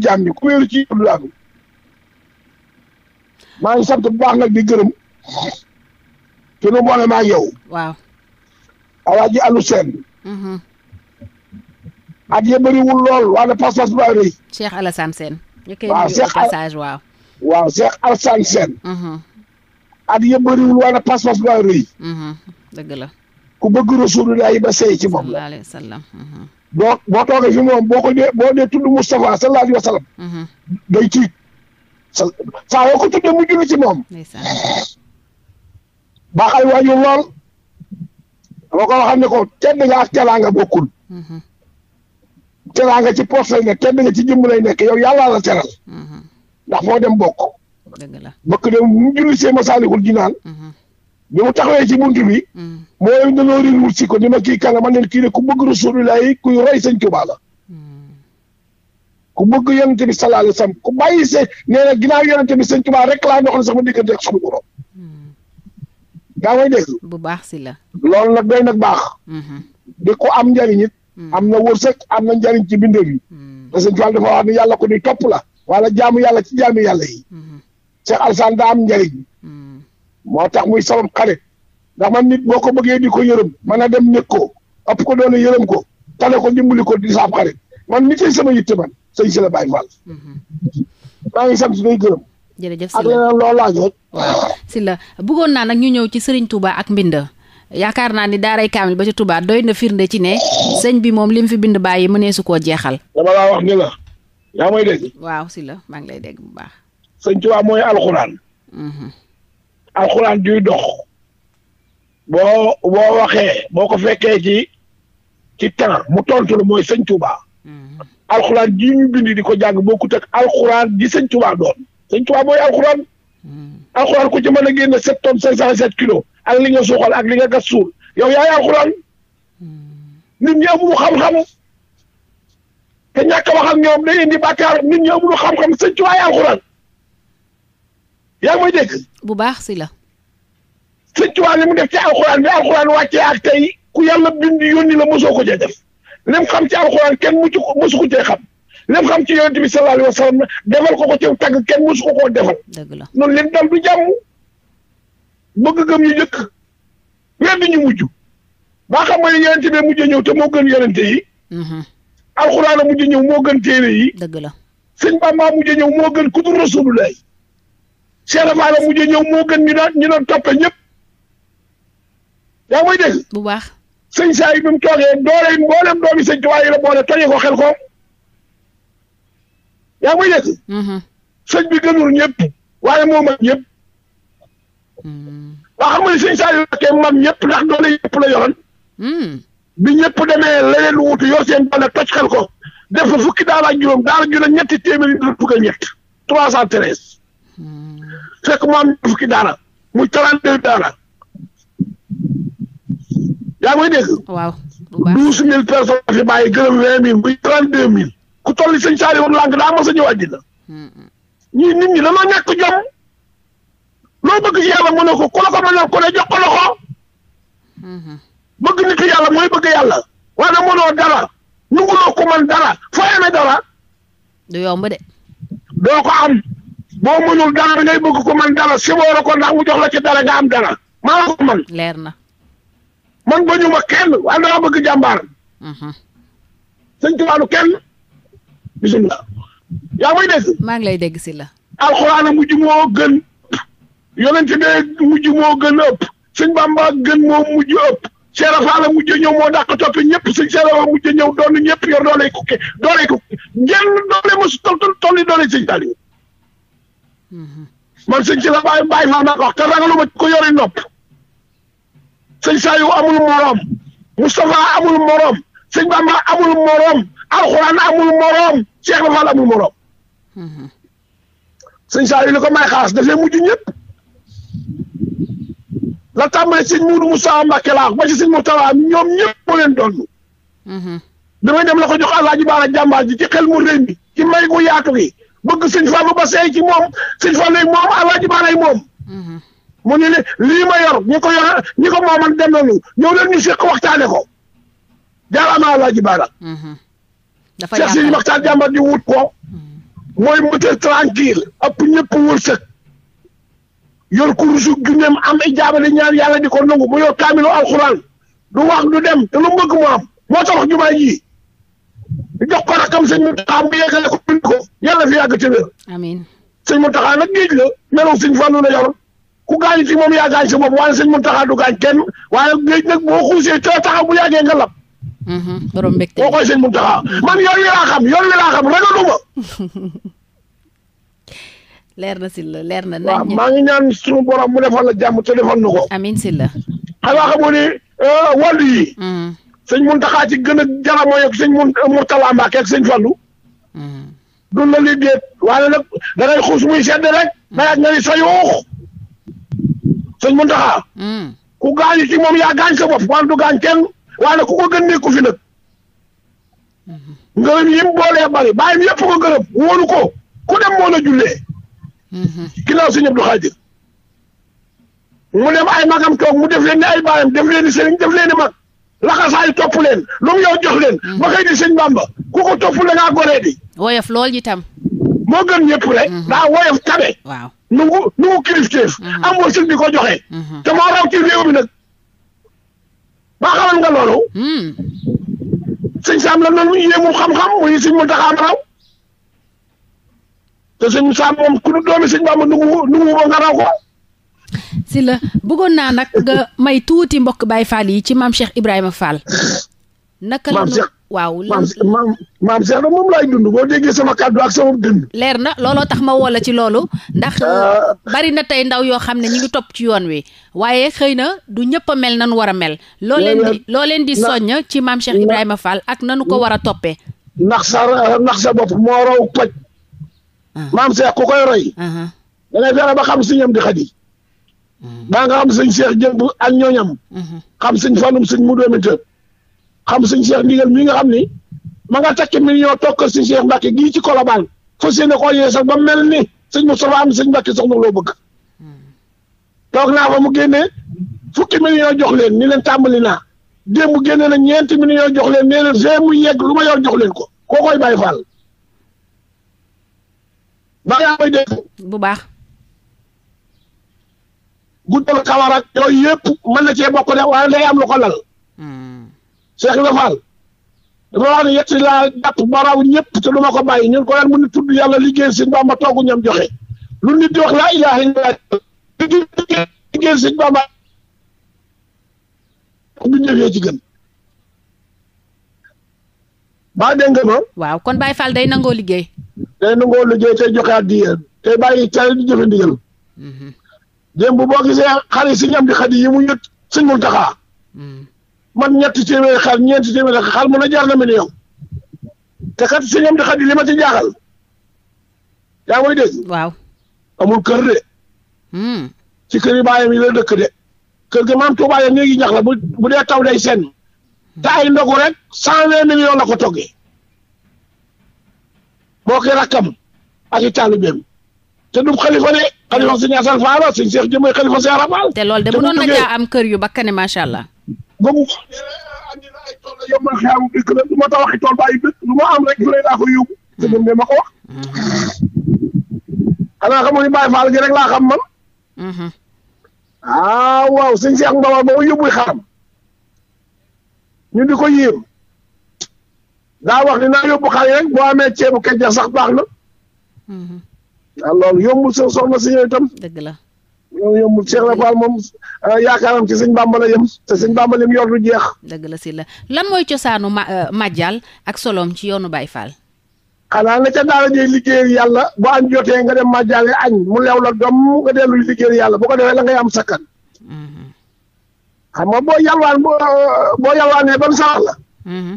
jaam ñi ku wéeru ci du daanu maa ngi baax nag di gërëm te maa yow waaw alaaji seen mhm. at ya bëriwul lool waaye pas-pas ba rëy Cheikh Alassane ñu koy nuyu au passage waaw. waaw Cheikh Alassane Sène. Mhm. at yëpp bëriwul wala pas-pas baa rëy. Mhm. dëgg la. ku bëgg Rasulullah yi ba sey ci moom la. alayhi mhm. boo boo toogee fi moom boo ko nee boo nee tudd Moustapha sallallahu day tiit saa woo ko tuddee mu julli ci moom. baaxal waajur lool. boo ko waxal ne ko nga ak teraanga bokkul. teraa nga ci poos lay nekk tedd nga ci jëmm lay nekk yow yàllaa la teral mm-hmm. ndax foo dem bokk bëkk dem mu julli see masaalikul jinaan mm-hmm. bi mu taxawee ci bunt bi mm-hmm. mooy danoo riir wut si ko ni ma kii kan la man leen kii ne ku bëgg rasulullah yi kuy roy sëñ Tuubaa la ku bëgg yonente bi sallallahu alayhi wasallam ku bàyyi see nee na ginnaaw yonente bi sëñ Tuubaa rek laa doxal sama diggante ak suñu borom daa may dégg bu baax si la loolu nag day nag baax di ko am njariñ Mm. am na wërsëg am na njariñ ci bindeef yi te sëñ Fall dafa wax ne yàlla ko di topp la wala jaamu yàlla ci jaamu yàlla yi mm-hmm. Cheikh Alassane daa am njariñ mm. moo tax muy sabab xarit ndax man nit boo ko bëggee di ko yërëm mën a dem nekk ko ëpp ko doon yërëm ko tane ko dimbali ko di saab xarit man nit yi sama yitte man sëñ si la Baye Fall mm-hmm. maa ngi sant day gërëm jërëjëf Sylla ak leneen loo laaj rek bëggoon naa nag ñu ñëw ci Serigne Touba ak Mbinda yaakaar naa ni daaray kaamil ba ca Touba doy na firnde ci ne sëñ bi moom li mu fi bind bàyyi mënee su koo jeexal. dama laa wax ni la yaa may dégg. waaw si la maa ngi lay dégg bu baax. sëñ Touba mooy alxuraan. Mhm. dox. boo boo ko fekkee ci ci temps mu tontu la mhm. ji ñu bind di ko jàng bokkut ak alxuraan ji sëñ Touba doon. sëñ Touba mooy alxuraan. alxuraan ku ci mën a génne sept tonnes cinq cent kilos ak li nga suuxal ak li nga gas suul yow yaay alxuraan nit ñi amul xam-xam te ñàkk wax ak ñoom day indi bàkkaar nit ñi amul xam-xam sëñ ci waay alxuraan yaa ngi may bu baax si la. sëñ ci waay li mu def ci alxuraan bi alxuraan ci ak tey ku yàlla bind yónni la mosoo ko cee def lim xam ci alxuraan kenn mucc mosu ko cee xam. lépp xam ci yonent bi sallallahu alayhi wa sallam defal ko ko ci tagg kenn mësu ko koo defal noonu leen dal du jàmm bëgg gëm ñu njëkk wedd ñu mujj baa xam nga ne yonent bi mujj ñëw te moo gën yonente yi mhm. alxuraan a mujj ñëw moo gën téere yi dëgg la sëñ Bamba mujj ñëw moo gën kudur rasulullah Cheikh Rafaal a mujj ñëw moo gën ñu daan ñu doon toppe ñëpp yaa may dégg bu baax sëñ saa yi bi mu toogee doole yi mboolem doomi sëñ tuwaay yi la boole toje ko xel ko yaa ngi may dégg. Mm-hmm. sëñ bi gënul ñëpp waaye moo mag ñëpp. Mm-hmm. waa xam nga ni sëñ Saliou mam ñëpp ndax doole ñëpp la yoroon. Mm-hmm. bi ñëpp demee leneen wutu yor seen doole xel ko def fa fukki daal ak juróom daal ju ne ñetti téeméeri du fukk ak ñett trois cent treize. fekk mu am fukki daara muy trente deux daara yaa ngi may dégg. waaw douze fi bàyyi gërëm vingt muy trente deux mille. ku toll sëñ saali woon daa mos a ñëw àddina ñii nit ñi dañoo jom loo bëgg ci yàlla mu ne ko ku la bëgg nit yàlla mooy bëgg yàlla waaye nag mënoo dara nunguloo ko man dara foo amee dara du yomb de doo am boo mënul dara ngay bëgg ko dara si ko ndax mu jox la ci dara nga dara maa la man leer na man ba ñu ma kenn bëgg jàmbaar mhm. sëñ tubaanu kenn bisimilah. yaa may dégg. maa ngi lay dégg si la. alxuraan a mujj moo gën yonent bi mujj moo gën ëpp sëñ Bamba gën moo mujj ëpp. Seera Faal a mujj ñëw moo dàq topp ñëpp sëñ Seera Faal mujj ñëw doon ñëpp yor doole kukke doole kukke genn doole mosu toll toll doole sëñ Saliou. Mhm. man sëñ si la bàyyi faa naa ko wax te ragaluma ko yori nopp. sëñ Saliou amul morom Moustapha amul morom sëñ Bamba amul morom. alxuraan amul moroom Cheikh Ibra Fall amul moroom mm-hmm. sëñ Saliou li ko may xaas dafay mujj ñëpp la tàmbalee sëñ Moudou Moussa Mbacké laa ba ci sëñ Moutala ñoom ñëpp moo leen doon. Mm-hmm. damay dem la ko jox Alaaji Baara jàmbaar ji ci xel mu rëy mi ci may gu yaatu gi bëgg sëñ Fallou ba seey ci moom sëñ Fallou moom Alaaji Baara moom. Mm-hmm. mu ne lii ma yor ñi ko yor ñi ko mooman dem nañu ñëw leen ñu seq waxtaane ko jaaraama Alaaji Baara. dafa Cheikh Sidi Maxtaar jàmbar ji wut ko hmm. mooy muté tranquille ëpp ñëpp wërsëg yor kurusu junneem am ijaaba di ñaan yàlla di ko nangu mu yor kaamilu alxuraan du wax du dem te lu mbëgg mu am moo tax jumaa ji di jox ko rakam sëñ Muntaxa mu yeggale ko bind ko yàlla fi yàgg ci wér amiin sëñ Muntaxa nag géej la melow sëñ Fallu la yor ku gaañ ci moom yaa gaañ sa bopp waaye sëñ Muntaxa du gaañ kenn waaye géej nag boo xuusee te taxaw bu yàggee nga lab borom mbégte koy sëñ Muntaxa man yoon wi laa xam yoon wi ma. <laughs> leer na si la leer na. waaw maa ngi ñaan suñu borom mu defal la jàmm te defal na ko. amiin si la. xanaa xamoo ne euh, wàllu yi. Mm. sëñ Muntaxa ci gën a jaramoo ak sëñ Murtala Mbàkke ak sëñ Fallu. Mm. du la li déet waaye nag da ngay muy sedd rek. nawet nga ni sa yuux. sëñ Muntaxa. Mm. ku gaañu ci moom yaa gaañ sa bopp wala gaañ kenn. waaye ku ko gën nekku fi nag ngërëm yi mu bari bàyyam yëpp ko gërëm wóolu ko ku dem moo la jullee ginnaaw si ñëpp du xaajir mu dem ay magam toog mu def leen ni ay baayam def leen ni sëriñ def leen ni mag laxasaay topp leen lu mu jox leen ba xëy di sëñ Bàmba ku ko topp la ngaa goree di woyof lool itam moo gën ñëpp rek mhm. daa woyof tabe waaw nu ngu nu ngu kilifteef mhm. ko joxe mhm. te moo raw ci réew mi ba xamal nga loolu. Hmm. sëñ Saam la loolu yéemul xam-xam muy sëñ Muntaxa raw te sëñ Saam moom ku doomi sëñ Bamba nu mu nu nga raw ko. si la bëggoon naa nag nga may tuuti mbokk baay Fall yi ci maam Cheikh Ibrahima Fall. naka waaw maam maam maam Cheikh na moom laay dund boo déggee sama kàddu ak sama dund. leer na looloo tax ma woo ci loolu. ndax ah. bari na tey ndaw yoo xam ne ñu ngi topp ci yoon wi waaye xëy na du ñëpp a mel nan war a mel. loo leen di loo leen di soññ ci maam Cheikh Ibrahima Fall ak nanu ko war a toppee. ndax sa ndax sa bopp moo raw poj. Ah. maam Cheikh ku koy roy. Ah, da ngay ba xam suñam di xadi. daa nga xam suñ Cheikh jëmb ak ñooñam. xam suñ fanum suñ mu doomi xam sëñ Cheikh ndigal mi nga xam ni ma nga takki million toog ko sëñ Cheikh Mbacke gii ci Colobane fas yéene koo yeesal ba mel ni sëñ Moustapha am sëñ sox soxna loo bëgg toog naa fa mu génnee fukki million jox leen ni leen tàmbali naa démb génne na ñeenti million jox leen nee leen fee mu yegg lu ma yor jox leen ko koo koy bàyyi faal ba yaa koy dégg bu baax guddal kawar ak yooyu yëpp mën na cee bokk de waaye day am lu ko lal hmm. Cheikh Ibrahima Fall dafa wax ne yett laa jàpp baraaw ñëpp te du ma ko bàyyi ñun ko daan mën a tudd yàlla liggéeyal Sëñ Bamba toogu ñam joxe lu nit di laa ilaaha illallaah liggéeyal Sëñ Bamba bu ñëwee ci gën baa dégg nga ma. waaw kon Baye Fall day nangoo liggéey. day nangoo liggéey tey joxe addiya tey bàyyi tey di jëfe ndigal. Mhm. démb boo gisee xale si ñam di xadi yi mu ñëw sëñ Muntaxa mhm. man ñetti téeméeri xaal ñeenti téeméeri xaal mun a jar na million te kat si ñoom di xaj li ma ci jaaxal yaa mooy dégg. waaw amul kër de. Hmm. ci kër yi baayam yi la dëkk de kër gi maam Touba ya néegi ñax la bu bu dee taw day seen hmm. te ay ndogu rek cent vingt millions la ko toggee moo koy rakkam ak i taalibeem te du xalifa de xalifa si ñaasal faala si Seex jëmay xalifa si Arafaal. te loolu de bu doon na jaa am kër yu bakkane macha allah. nga mu andi na ay tool la yombal xiyaamu dëkk la lu ma tabaxi tool bàyyi bés lu ma am rek fële daa ko yóbbu. te dem de ma ko wax. xanaa xamu ni Baye Fall gi rek laa xam man. Mm-hmm. ah waaw sëñ Cheikh Ndawal ba ma yóbbu xaram ñu di ko yéem daa wax ni naa yóbbu xar rek boo amee ceebu kejjeex sax baax na. waaw mm-hmm. ah, loolu yombul seen soxna si yooyu itam. dëgg la. yombul Cheikh Ibra Fall moom euh, yaakaaram ci sëñ Bàmba la yem te sëñ Bàmba lim yor jeex. dëgg la si lan mooy cosaanu ma euh, Madial ak soloom ci yoonu Baye Fall. xanaa la ca daara jëy liggéeyal yàlla bu añ jotee nga dem Madial añ mu lew la doom nga dellu liggéeyal yàlla bu ko defee la am sakkan. Mm-hmm. xam boo yalwaan boo euh, boo yalwaanee ban la. Mm-hmm.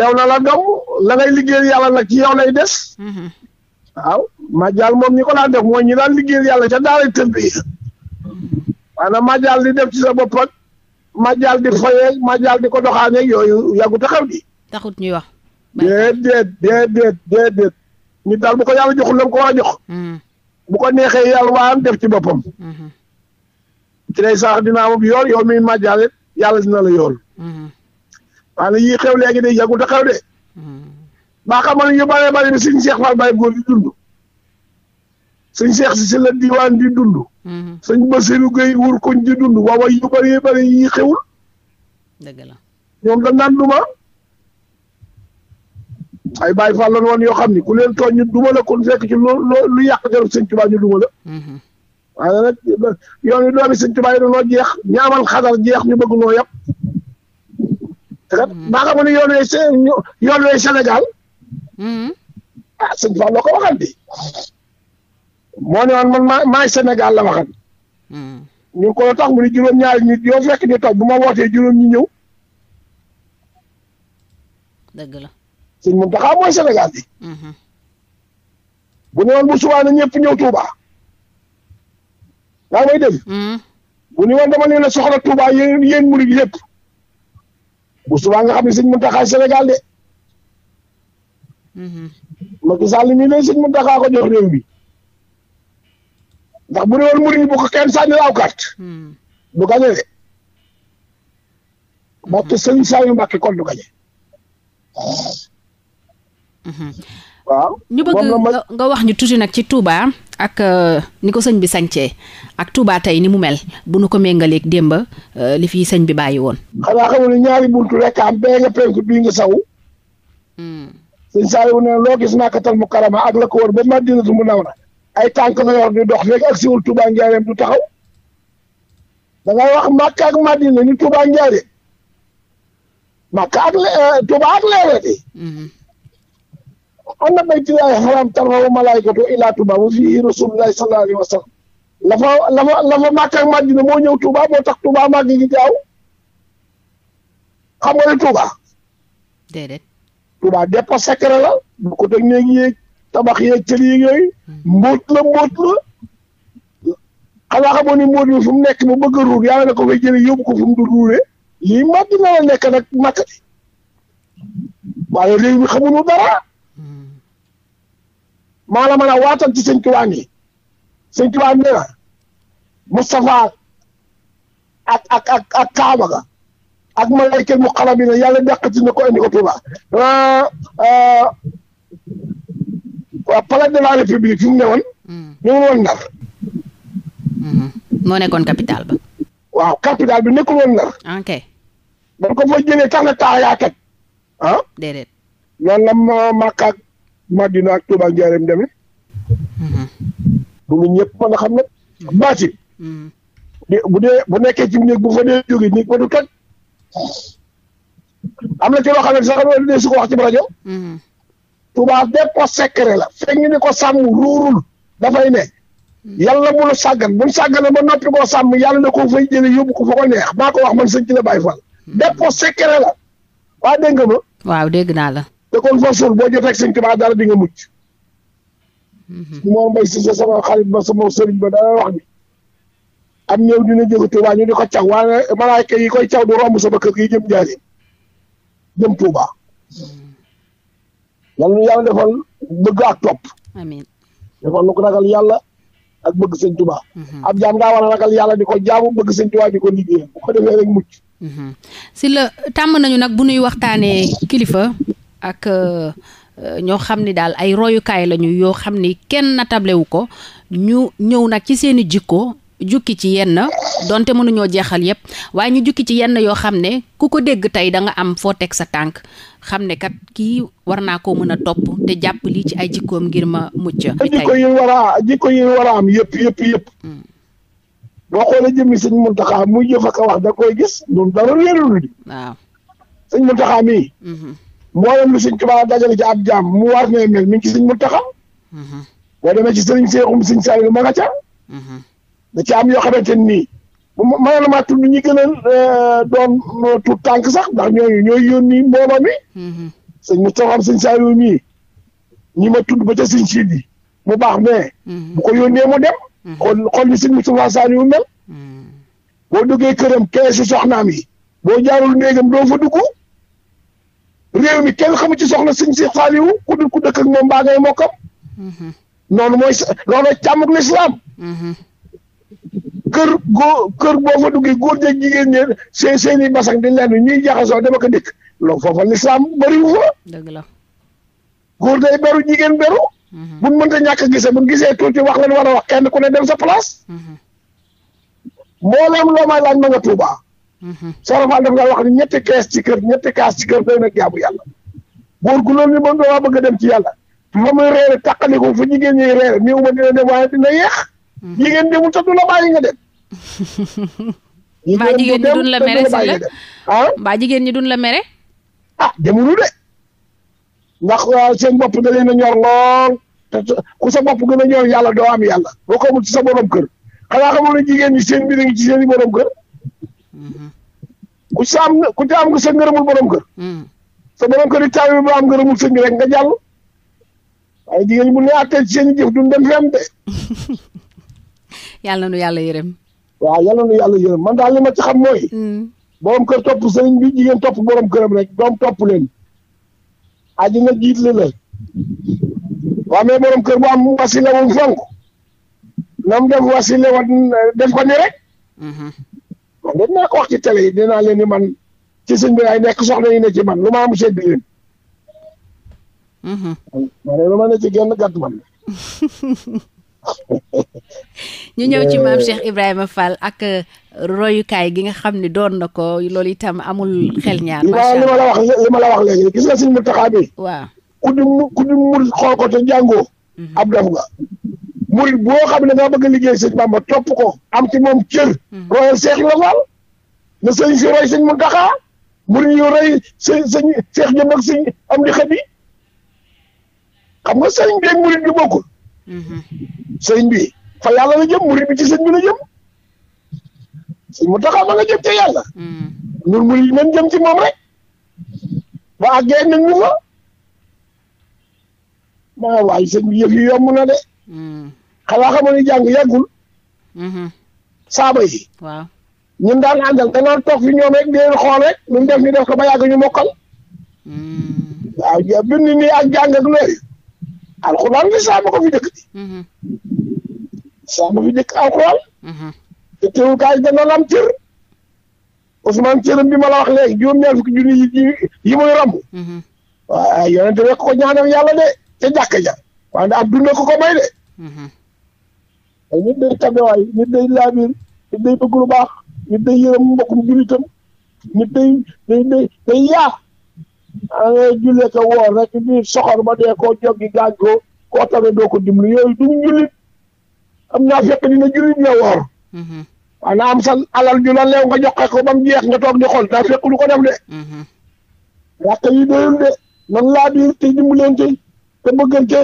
lew la doom la ngay liggéeyal yàlla nag ci yow lay des. Mm-hmm. waaw Madial moom ñi ko daan def mooy ñi daan liggéeyal yàlla ca daara tëdd yi maanaam Madial di def ci sa bopp ak Madial di foyee Madial di ko doxaaneeg yooyu yàggu taxaw di. taxut ñuy wax. déedéet déedéet déedéet ñu daal bu ko yàlla joxul la ko war jox. Hmm. bu ko neexee yàlla waan def ci boppam. Hmm. ci lay sax dinaa moom yool yow mi Madial it yàlla dina la yool. Hmm. maanaam yii xew léegi de yàggu taxaw de. maa xamal ñu bare bare bi sëñ Cheikh Fall Baye Góor di dund sëñ Cheikh si si la diwaan di dund mhm. sëñ Basiru Gueye wur koñ di dund waawa yu bare bare yi xewul la ñoom dañ daan duma ay Baye Fall lan woon yoo xam ni ku leen tooñ ñu duma la kon fekk ci loo lu yàq jarul sëñ Tuubaa ñu duma la mhm. waaye yoon wi doomi sëñ Tuubaa yi dañoo jeex ñaamal xadar jeex ñu bëgg noo yàpp te kat maa mhm. xamal ni yoon wi yoon wi Sénégal Hmm. ah sëñ Fallou ko waxal di moo ne woon man maay Sénégal la waxal hmm. ñu ko tax mu ne juróom-ñaari nit yoo fekk ñu toog bu ma wootee juróom ñi ñëw. dëgg la. sëñ Mountakha mooy Sénégal bi. Hmm. bu ne woon bu subaa na ñëpp ñëw Touba. yaa may dégg. bu ne woon dama leen a soxla Touba yéen yéen murid yëpp. bu subaa nga xam ne sëñ Mountakha Sénégal de. Macky Sall mii lay sëñ mu taxaa ko jox réew mi ndax bu dee woon Mouride bu ko kenn sànni laaw carte hmm. du gañe de Macky sëñ Saliou Mbacké kon du gañe hmm. waaw ñu bëgg nga wax ñu tuuti nag ci Touba ak euh, ni ko sëñ bi sañcee ak Touba tey ni mu mel bu nu ko méngaleeg démba euh, li fii sëñ bi bàyyi woon. xanaa xamul ñaari buntu rek am bee nga penku bii nga saw. Hmm. sëñ Saliou ne loo gis Makkatal Mukarrama ak la ko wër ba Madinatu Munawwara ay tànk la yor di dox rek ak siwul Touba Njaareem du taxaw da ngay wax Makka ak Madina ni Touba Njaareem Makka ak euh, Touba ak leerati mm-hmm. anna baytullahi haram tarfaw ila Touba wa fihi rasulullahi sallallahu alayhi wa sallam lafa lafa lafa ak Madina moo ñëw Touba moo tax tubaa màgg gi gaaw xam nga ne Touba Touba dépôt secret la bu ko teg néeg yéeg tabax yeeg cër yeeg yooyu mbóot la mbóot la xanaa xamoon ni mbóot fu mu nekk ba bëgg a ruur na ko fay jëlee yóbbu ko fu mu du ruuree lii màtt na la nekk nag màttati waaye réew mi xamuñu dara maa la mën a waatal ci sëñ Touba nii sëñ Touba nee na ak ak ak Kaaba ga ak malaaykat mu xalam yi yàlla dàqati na ko indi ko Touba ah, ah, waa palais de la république fi mu ne woon ñu hmm. ngi hmm. moo nekkoon capital ba waaw capital bi nekkul woon Ndar ok dañ ko fa jëlee tax na taayaa teg ah déedéet noonu la ma Makka ak Madina ak Touba Njaareem demee hmm. bu mu ñëpp mën a xam nag baatin bu dee bu nekkee ci néeg bu fa dee jógee néeg ba du toj am na ci xam ne sax loolu dee su ko wax ci rajo. Mm-hmm. tubaab de ko secret la fekk ñu ni ko sàmm ruurul dafay ne mm-hmm. yàlla bu la sàggan bu sàggane ba noppi koo sàmm yàlla na ko fay jële yóbbu ko fa ko neex maa ko wax man sëñ ci fal de ko secret la waa dégg nga ma. waaw dégg naa la. te kon foofu suul boo jotee ak sëñ tubaab dara bi nga mucc. Mm-hmm. moom Mbaye si sama xarit ba sama sëriñ ba dara wax ni am ñëw dina jóge Touba ñu di ko caw waaye malaayka yi koy caw du romb sama kër gi jëm jaari jëm Touba yal na yàlla defal bëgg ak topp. amiin defal nu ko ragal yàlla ak bëgg sëñ Touba. Mhm. ab a ragal yàlla di liggéey bu ko defee rek mucc. Mhm. si la tàmm nañu nag bu nuy waxtaanee kilifa ak. Euh, euh, ñoo xam ni daal ay royukaay lañu yoo xam ni kenn natable wu ko ñu ñëw nag ci seeni jikko jukki ci yenn donte mënuñoo jeexal yépp waaye ñu jukki ci yenn yoo xam ne ku ko dégg tey danga am foo teg sa tànk xam ne kat kii war naa koo mën a topp te jàpp lii ci ay jikkoom ngir ma mucc. jikko yi war a jikko yi war a am yépp yépp yépp. Hmm. boo xoolee jëmmi sëñ Muntaxa muy jëf ak wax da koy gis ñun hmm. ci ab jaam mu war ne mel mi ngi ci sëñ Muntaxa. Hmm. boo demee ci sëriñ Seexum sëñ Saliou ma nga ca. da ci am yoo xamante nii maanaam ma tudd ñi gën a euh, doon tuut tànk sax ndax ñooñu ñooy yónni mbooloo mi mm-hmm. sëñ Moustapha sëñ Saliou mii ñi ma tudd ba ca sëñ siid yi mu baax mais mm-hmm. bu ko mu dem mm-hmm. xool xool ni sëñ Moustapha Saliou mel boo duggee këram keesu soxnaam yi boo jaarul néegam doo fa dugg réew mi kenn xamu ci soxna sëñ si Saliou ku dul ku moom mbaa ngay noonu mooy loolu càmm ak lislaam kër goo kër boo fa duggee góor jeeg jigéen ñeen seen seen i basak di lenn ñuy jaxasoo a ko dikk loolu foofa lislaam bëriwu fa. dëgg la góor day beru jigéen beru. bu mhm. ñu mënta ñàkk a gisee bu gisee gisee ci wax leen war a wax kenn ku ne dem sa place. Mhm. mboolem loo may laaj ma nga tuuba. Mhm. Soxna Fall dafa wax ni ñetti kees ci kër ñetti kaas ci kër doy na jaamu yàlla. góor gu loolu ni moom doo bëgg a dem ci yàlla. fa muy reere taqali ko fu jigéen ñi reere néew ma dina dem dina yéex. jigéen demul te du la bàyyi nga dem. <laughs> mbaa jigéen ñi duñ la mere si la ah mbaa jigéen ñi duñ la mere. ah demulu de ndax ah, seen bopp da leen a ñor lool ku sa bopp gën a ñor yàlla doo am yàlla boo ko ci sa borom kër xanaa xamoon ne jigéen ñi seen mbir ngi ci seen i borom kër. Mm-hmm. ku sa ku te am nga sa ngërëmul borom kër. Mm. sa borom kër yi taw bi ba am ngërëmul sëñ rek nga jàll waaye jigéen ñi bu ñu la seen i jëf duñ dem fem de. <laughs> na nu yàlla yërëm. waaw yàlla nu yàlla yërëm man daal li ma ci xam mooy. Mm. borom kër topp sëriñ bi jigéen topp borom këram rek doom topp leen. aji nga jiit li la. waaw mais borom kër bu am wasila wu mu fonk. na mu def wasila wat def ko ni rek. Mm-hmm. man de naa ko wax ci télé yi dinaa leen ni man ci sëñ bi ay nekk soxla yi ne ci man lu ma am leen. Mm-hmm. <laughs> ñu ñëw ci maam Cheikh Ibrahima Fall ak euh, royukaay gi nga xam ne doon na ko loolu itam amul xel ñaar. li ma la wax li ma la wax léegi gis nga suñu taxaw bi. waaw ku di mu ku di mu xool ko te jàngoo. Mhm. ab daf nga. murit boo xam ne nga bëgg a liggéey sëñ Bamba topp ko am ci moom cër. Mhm. royal Cheikh Muntaxa murit yu roy sëñ sëñ Cheikh Jëmb am di xabi xam nga sëñ bi murit bi bokkul. Mhm. sëñ bi fa yàlla la jëm murid bi ci sëñ bi na jëm sëñ mu taxaw ma nga jëm ca yàlla hmm. ñun murid men jëm ci moom rek ba àggee nañ ñu fa maa waay sëñ bi yëf yi yomb na de hmm. xam xamoon ni jàng yàggul hmm. saaba yi waaw daan àndal danaan toog fi ñoom rek di xool rek ñun def ñu def ko ba yàgg ñu mokkal waaw bind nii ak jàng ak looyu alxuraan li saaba ko fi dëkk sax bu fi njëkk alxuraan mhm. te teewul kaay gën na am cër Ousmane cëram bi ma la wax léegi juróom-ñaar fukki junni yi yi muy ramb mhm. waaye yonente rek ko ñaanal yàlla de ca jàkk ja waaye ab dund ko ko may de mhm. ay nit day tabewaay nit day laabir nit day bëgg lu baax nit day yërëm mbokkum jullitam nit day day day day yaa a nga jullee ko woor rek di ba dee koo joggi gaañ ko koo tamit doo ko dimbali yooyu duñ jullit am naa fekk dina jullit na woor waaw mm-hmm. naa am sa alal ju la leew nga joxe ko ba mu jeex nga toog di xool daa fekk lu ko def de wàq mm-hmm. yi doyul de nan laa biir te dimbalante te bëggante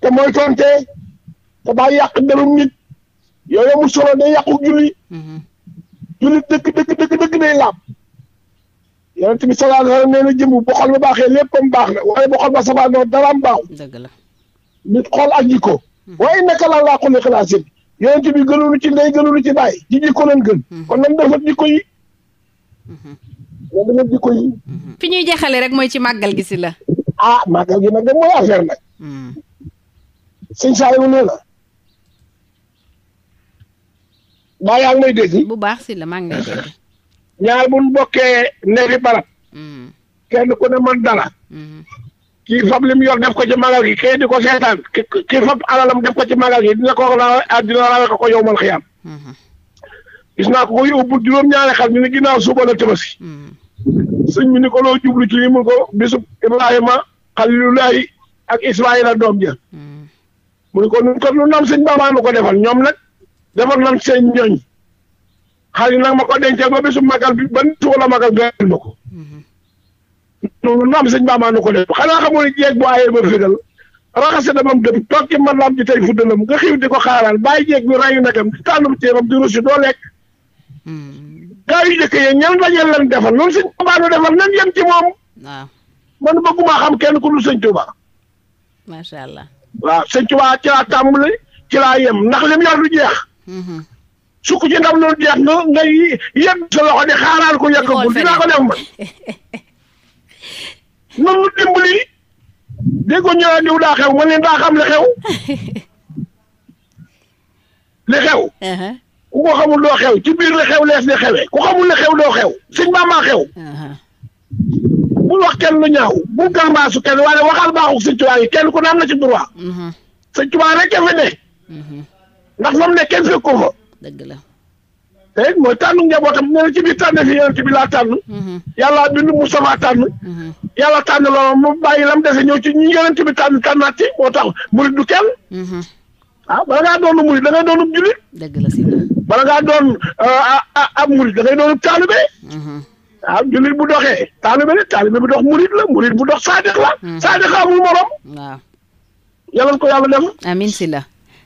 te moytonte te ba yàq derum nit yooyu mu solo day yàqu julli mm-hmm. julli dëkk dëkk dëkk dëkk day laab yonent bi sallallahu alayhi wa sallam nee na jëmm bu xol ba baaxee léppam baax na waaye bu xol ba safaanoo daraam baaxu dëgg la nit xool ak jikko Mhm. waaye naka laa laa xoolee xalaat seen yonent bi gënulu ci ndey gënulu ci baay ji ji ko leen gën. Mhm. kon nan defat jikko yi. Mhm. fi ñuy jeexalee rek mooy ci màggal gi si la. ah màggal gi nag de mooy affaire nag. sëñ nee na. baa yaa ngi may dégg. bu baax si la maa ngi ñaar bu ñu bokkee neefi barab. kenn ku ne man dara. kii fab li mu yor def ko ci magal gi kay di ko seetaan kii fab alalam def ko ci magal gi dina ko rawe dina ko ko yow man xiyaam mm-hmm. gis naa ko ko yóbbu juróom-ñaari xar ñu ne ginnaaw suba la tabaski mm-hmm. sëñ bi ni ko loo jublu ci li mu ko bisub Ibrahima Xalilulaay ak Ismaayila doom ja mm-hmm. mu ne ko nun ko lu nam sëñ Baba ma ko defal ñoom nag defal nan seen ñooñ xar yi nag ma ko dencee ba bisub magal bi ban suba la magal gënal ma ko noonu naam sëñ Bamba na ko def xanaa xamoon jeeg bu ayee ba fégal raxase damam dëpp toog ci man laam ji tey fuddalam nga xiw di ko xaaraan bàyyi jeeg bi na nagam di tànnum téeram di rusi doo lekk hmm. gaa yu jëkk yéen ñan lañeen lan defal loolu sëñ Bamba nu defal nan yem ci moom man bëgguma xam kenn ku dul sëñ Tuubaa macha allah waaw sëñ Tuubaa ci laa tàmbali ci laa yem ndax lim yar du jeex hmm. sukk ci ndam loolu jeex nga ngay yëg sa loxo di xaaraan ko yàkkagul dinaa <laughs> nan nu dimbali déggoo ñu naan diw daa xew man leen daa xam li xew <laughs> li xew. Uh-huh. ku ko xamul doo xew ci biir li xew lees di xewee ku xamul li xew doo xew sëñ Ba maa xew. Uh-huh. bul wax kenn lu ñaaw bul gàmbaasu kenn waaye waxal baaxul sëñ Tuubaa yi kenn ku ne am na ci droit. Uh-huh. sëñ Tuubaa rek a fi ne. ndax fa mu ne kenn fekk ko fa. dëgg léegi mooy tànnu njabootam nee na ci biir tànn fi yonent bi laa tànn. Mhm. yàlla bind Moustapha tànn. Mhm. yàlla tànn la mu bàyyi lam dese ñëw ci ñi yonent bi tànn tànnaat ci moo tax murid du kenn. Mhm. ah bala ngaa doon murid da ngay doon julit. dëgg la si bala ngaa doon ah, ah, ah, ab julit bu doxee taalibe la taalibe bu dox murid la murid bu dox saadiq la. saadiq amul morom. waaw yàlla ko yàlla dem.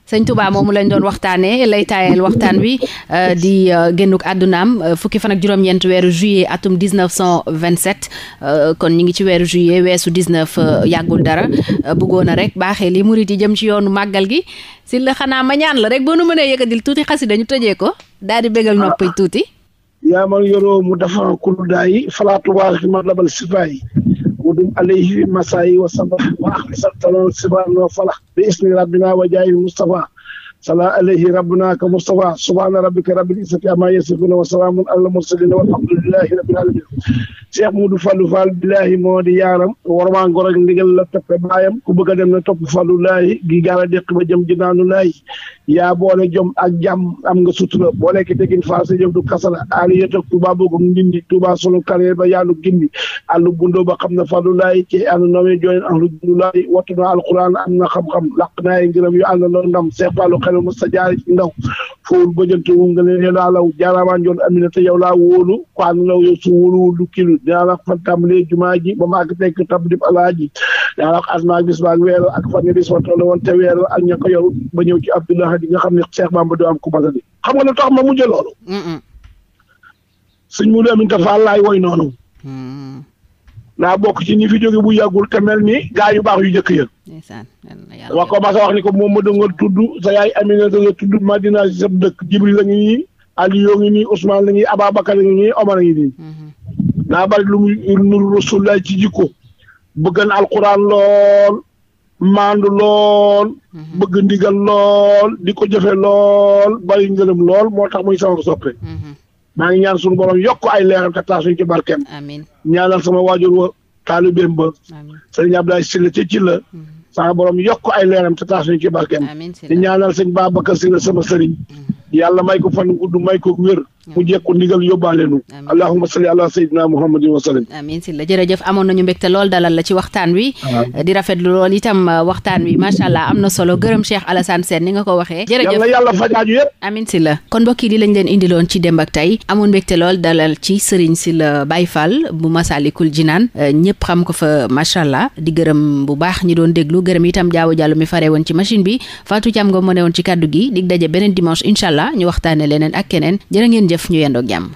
sëñ Touba moomu lañ doon waxtaanee lay taayal waxtaan wi euh, di euh, génnuk àddunaam euh, fukki fan ak juróom-ñeent weeru juillet atum vingt 1927 kon ñu ngi ci weeru juillet weesu 19 yàggul dara bëggoon a rek baaxee li murit yi jëm ci yoonu màggal gi si la xanaa ma ñaan la rek boo nu mënee yëkkatil tuuti xasida dañu tëjee ko daa di bégal noppi ah. tuuti. yaa man yoroo mu defar kullu daay falaatu waa fi ma labal sifaay ودم عليه مسائي وسبح واخلص التلون سبحانه وفلح باسم ربنا وجاه المصطفى sala alayhi rabbuna ka mustafa subhaana rabbika rabbil izzati amma yasifuna wa salaamun alal mursalin walhamdulillahi rabbil alamin cheikh mudu fallu fall billahi moo di yaaram warmaa ngor ak ndigal la ku bëgg a dem na topp fallu laayi gi gaar a déq ba jëm jinaanu laayi yaa jom ak jàmm am nga sutura boole ki tegin faa sa jëf du kasala aali yotog tuba boogum ndindi tuba sunu carrière ba yaalu gindi àllu bundoo ba xam na fallu laayi ci ànd noome joonen ahlu gundu laayi wattu na alquran xam-xam laq naaye ngërëm yu ànd na ndam cheikh fallu xelal mos a jaare ci ndaw fowul bëjante wu nga leen laa law jaaraamaan yoon aminata yow la wóolu kwaan law yow su wóoluwul du kilu dinaa la fan tàmbalee jumaa ji ba maag tekk tab dib alaaji dinaa la as maag bis maag weer ak fan nga bis wa toll woon te weer ak ña ko ba ñëw ci abdoulahi di nga xam ne Cheikh Bamba du am ku matadi xam nga lu tax ma mujjee loolu sëñ mu lu aminta faal laay woy noonu naa bokk ci ñi fi jóge bu yàggul te mel ni gaa yu baax yu njëkk ya. wax ko ma wax ni ko moom ma da nga tudd sa yaay Aminata nga tudd Madina si sa dëkk Jibril la ngi nii Aliou ngi nii Ousmane la ngi aba Ababacar la ngi nii Omar la ngi nii. Mhm. naa bari lu muy nuru Rasulullah ci jikko bëggan alquran lool maandu lool. Mhm. bëgg ndigal lool di ko jëfe lool bari ngërëm lool moo tax muy sama soppe. Mhm. maa ngi ñaan suñu yokk ay leeram te taasuñ ci barkeem amiin ñaanal sama waajur wa taalibeem ba sëriñ Abdoulaye Sylla ci ci la mm-hmm. sama borom yokk ay leeram te taasuñ ci barkeem di ñaanal sëñ Babacar Sylla sama sëriñ mm-hmm. yàlla may ko fan may ko mu jekku ndigal yóbbaale nu allahumma salli ala sayyidina muhammadin wa sallim si la jërëjëf amoon nañu mbégte lool dalal la ci waxtaan wi di rafetlu lool itam uh, waxtaan wi macha allah am na solo gërëm Cheikh Alassane Sène ni nga ko waxee jërëjëf yàlla yàlla fajaaju yëpp amiin si la kon mbokk yi di lañ leen indiloon ci démb ak tey amoon mbégte lool dalal ci Serigne Sylla Baye Fall bu Massalikul Jinaan uh, ñëpp xam ko fa macha allah di gërëm bu baax ñi doon déglu gërëm itam jaawu jàllu mi fare woon ci machine bi Fatou Thiam nga mu ne woon ci kàddu gi dig daje beneen ak keneen jëf ñu yendoo jàmm